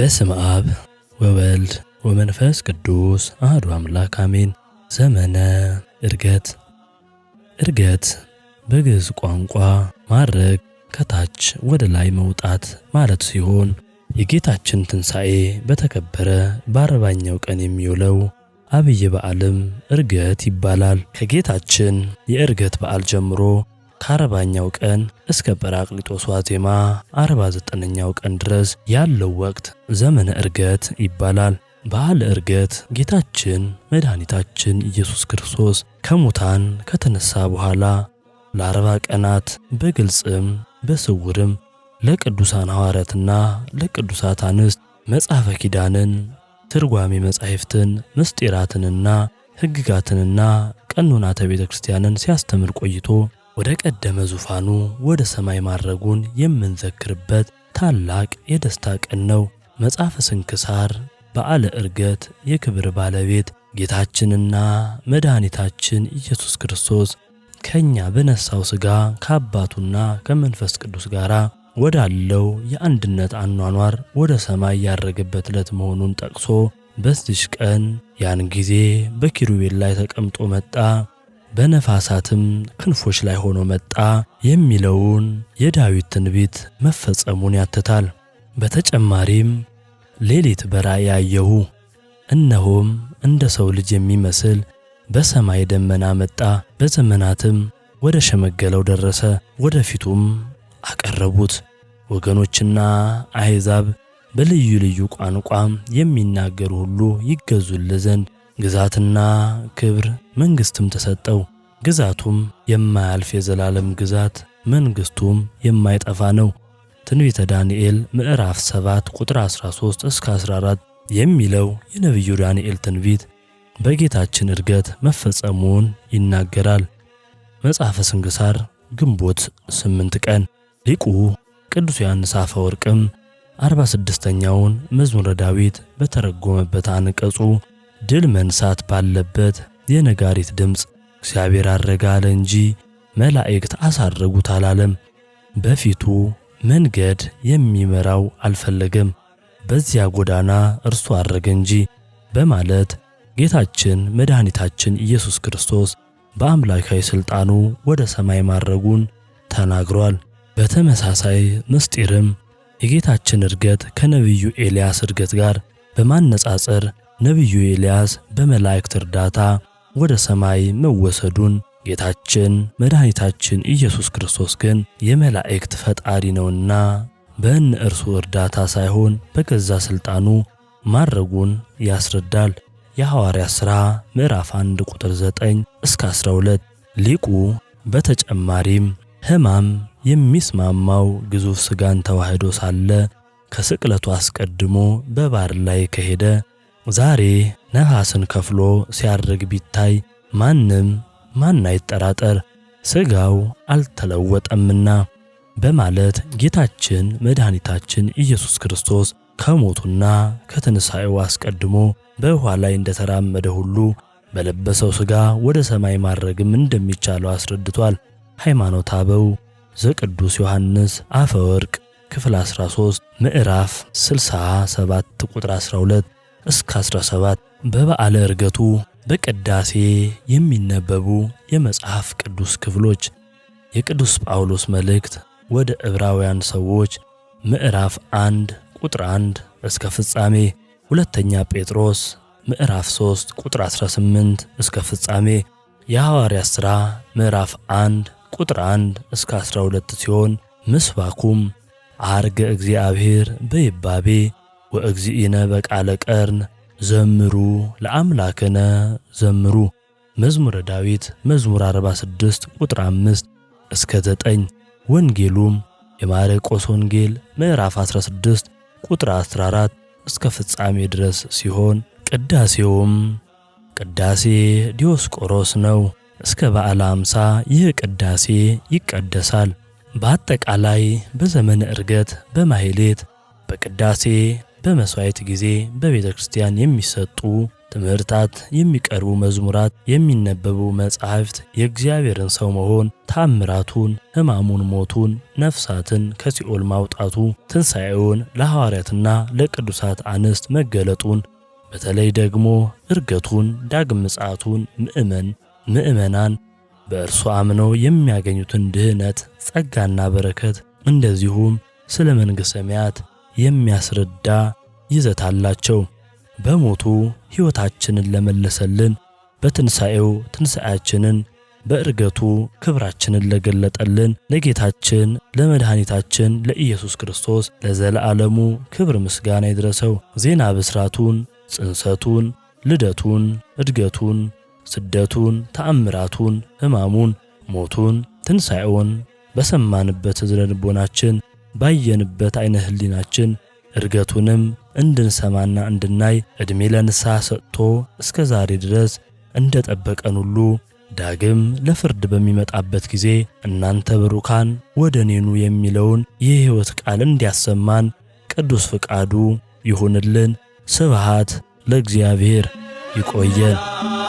በስም አብ ወወልድ ወመንፈስ ቅዱስ አህዱ አምላክ አሜን። ዘመነ ዕርገት። ዕርገት በግዕዝ ቋንቋ ማረግ፣ ከታች ወደ ላይ መውጣት ማለት ሲሆን የጌታችን ትንሣኤ በተከበረ በአርባኛው ቀን የሚውለው አብይ በዓልም ዕርገት ይባላል። ከጌታችን የዕርገት በዓል ጀምሮ ከአርባኛው ቀን እስከ ጰራቅሊጦስ ዋዜማ 49ኛው ቀን ድረስ ያለው ወቅት ዘመነ ዕርገት ይባላል። በዓለ ዕርገት ጌታችን መድኃኒታችን ኢየሱስ ክርስቶስ ከሙታን ከተነሳ በኋላ ለአርባ ቀናት በግልጽም በስውርም ለቅዱሳን ሐዋርያትና ለቅዱሳት አንስት መጽሐፈ ኪዳንን ትርጓሜ መጻሕፍትን ምስጢራትንና ሕግጋትንና ቀኖናተ ቤተ ክርስቲያንን ሲያስተምር ቆይቶ ወደ ቀደመ ዙፋኑ ወደ ሰማይ ማድረጉን የምንዘክርበት ታላቅ የደስታ ቀን ነው። መጽሐፈ ስንክሳር በዓለ ዕርገት የክብር ባለቤት ጌታችንና መድኃኒታችን ኢየሱስ ክርስቶስ ከእኛ በነሳው ሥጋ ከአባቱና ከመንፈስ ቅዱስ ጋር ወዳለው የአንድነት አኗኗር ወደ ሰማይ ያረገበት ዕለት መሆኑን ጠቅሶ በዚች ቀን ያን ጊዜ በኪሩቤል ላይ ተቀምጦ መጣ በነፋሳትም ክንፎች ላይ ሆኖ መጣ የሚለውን የዳዊት ትንቢት መፈጸሙን ያትታል። በተጨማሪም ሌሊት በራእይ አየሁ፣ እነሆም እንደ ሰው ልጅ የሚመስል በሰማይ ደመና መጣ፣ በዘመናትም ወደ ሸመገለው ደረሰ፣ ወደ ፊቱም አቀረቡት። ወገኖችና አሕዛብ በልዩ ልዩ ቋንቋም የሚናገሩ ሁሉ ይገዙል ዘንድ ግዛትና ክብር መንግሥትም ተሰጠው። ግዛቱም የማያልፍ የዘላለም ግዛት፣ መንግሥቱም የማይጠፋ ነው። ትንቢተ ዳንኤል ምዕራፍ 7 ቁጥር 13 እስከ 14 የሚለው የነቢዩ ዳንኤል ትንቢት በጌታችን እድገት መፈጸሙን ይናገራል። መጽሐፈ ስንክሳር ግንቦት 8 ቀን ሊቁ ቅዱስ ዮሐንስ አፈወርቅም 46ኛውን መዝሙረ ዳዊት በተረጎመበት አንቀጹ ድል መንሳት ባለበት የነጋሪት ድምፅ እግዚአብሔር አረገ አለ እንጂ መላእክት አሳረጉት አላለም። በፊቱ መንገድ የሚመራው አልፈለገም። በዚያ ጎዳና እርሱ አረገ እንጂ በማለት ጌታችን መድኃኒታችን ኢየሱስ ክርስቶስ በአምላካዊ ሥልጣኑ ወደ ሰማይ ማረጉን ተናግሯል። በተመሳሳይ ምስጢርም የጌታችን እርገት ከነቢዩ ኤልያስ እርገት ጋር በማነጻጸር ነቢዩ ኤልያስ በመላእክት እርዳታ ወደ ሰማይ መወሰዱን ጌታችን መድኃኒታችን ኢየሱስ ክርስቶስ ግን የመላእክት ፈጣሪ ነውና በእነ እርሱ እርዳታ ሳይሆን በገዛ ሥልጣኑ ማድረጉን ያስረዳል። የሐዋርያ ሥራ ምዕራፍ 1 ቁጥር 9 እስከ 12። ሊቁ በተጨማሪም ሕማም የሚስማማው ግዙፍ ሥጋን ተዋህዶ ሳለ ከስቅለቱ አስቀድሞ በባሕር ላይ ከሄደ ዛሬ ነሐስን ከፍሎ ሲያርግ ቢታይ ማንም ማን አይጠራጠር ሥጋው አልተለወጠምና በማለት ጌታችን መድኃኒታችን ኢየሱስ ክርስቶስ ከሞቱና ከትንሣኤው አስቀድሞ በውኃ ላይ እንደተራመደ ሁሉ በለበሰው ሥጋ ወደ ሰማይ ማድረግም እንደሚቻለው አስረድቷል። ሃይማኖተ አበው ዘቅዱስ ዮሐንስ አፈወርቅ ክፍል 13 ምዕራፍ 67 ቁጥር 12 እስከ 17 በበዓለ ዕርገቱ በቅዳሴ የሚነበቡ የመጽሐፍ ቅዱስ ክፍሎች የቅዱስ ጳውሎስ መልእክት ወደ ዕብራውያን ሰዎች ምዕራፍ 1 ቁጥር 1 እስከ ፍጻሜ፣ ሁለተኛ ጴጥሮስ ምዕራፍ 3 ቁጥር 18 እስከ ፍጻሜ፣ የሐዋርያ ሥራ ምዕራፍ 1 ቁጥር 1 እስከ 12 ሲሆን ምስባኩም አርገ እግዚአብሔር በይባቤ ወእግዚእነ በቃለ ቀርን ዘምሩ ለአምላክነ ዘምሩ። መዝሙረ ዳዊት መዝሙር 46 ቁጥር 5 እስከ 9። ወንጌሉም የማርቆስ ወንጌል ምዕራፍ 16 ቁጥር 14 እስከ ፍጻሜ ድረስ ሲሆን ቅዳሴውም ቅዳሴ ዲዮስቆሮስ ነው። እስከ በዓለ ሃምሳ ይህ ቅዳሴ ይቀደሳል። በአጠቃላይ በዘመነ ዕርገት በማህሌት በቅዳሴ በመስዋዕት ጊዜ በቤተ ክርስቲያን የሚሰጡ ትምህርታት፣ የሚቀርቡ መዝሙራት፣ የሚነበቡ መጻሕፍት የእግዚአብሔርን ሰው መሆን፣ ታምራቱን፣ ሕማሙን፣ ሞቱን፣ ነፍሳትን ከሲኦል ማውጣቱ፣ ትንሣኤውን፣ ለሐዋርያትና ለቅዱሳት አንስት መገለጡን፣ በተለይ ደግሞ እርገቱን፣ ዳግም ምጽአቱን ምእመን ምእመናን በእርሱ አምነው የሚያገኙትን ድህነት፣ ጸጋና በረከት እንደዚሁም ስለ መንግሥተ ሰማያት የሚያስረዳ ይዘት አላቸው። በሞቱ ሕይወታችንን ለመለሰልን፣ በትንሣኤው ትንሣኤያችንን፣ በእርገቱ ክብራችንን ለገለጠልን ለጌታችን ለመድኃኒታችን ለኢየሱስ ክርስቶስ ለዘለዓለሙ ክብር ምስጋና ይድረሰው። ዜና ብስራቱን፣ ጽንሰቱን፣ ልደቱን፣ እድገቱን፣ ስደቱን፣ ተአምራቱን፣ ሕማሙን፣ ሞቱን፣ ትንሣኤውን በሰማንበት ዝረንቦናችን ባየንበት አይነ ህሊናችን እድገቱንም እንድንሰማና እንድናይ ዕድሜ ለንስሐ ሰጥቶ እስከ ዛሬ ድረስ እንደ ጠበቀን ሁሉ ዳግም ለፍርድ በሚመጣበት ጊዜ እናንተ ብሩካን ወደ እኔኑ የሚለውን የሕይወት ቃል እንዲያሰማን ቅዱስ ፍቃዱ ይሁንልን። ስብሃት ለእግዚአብሔር። ይቆየን።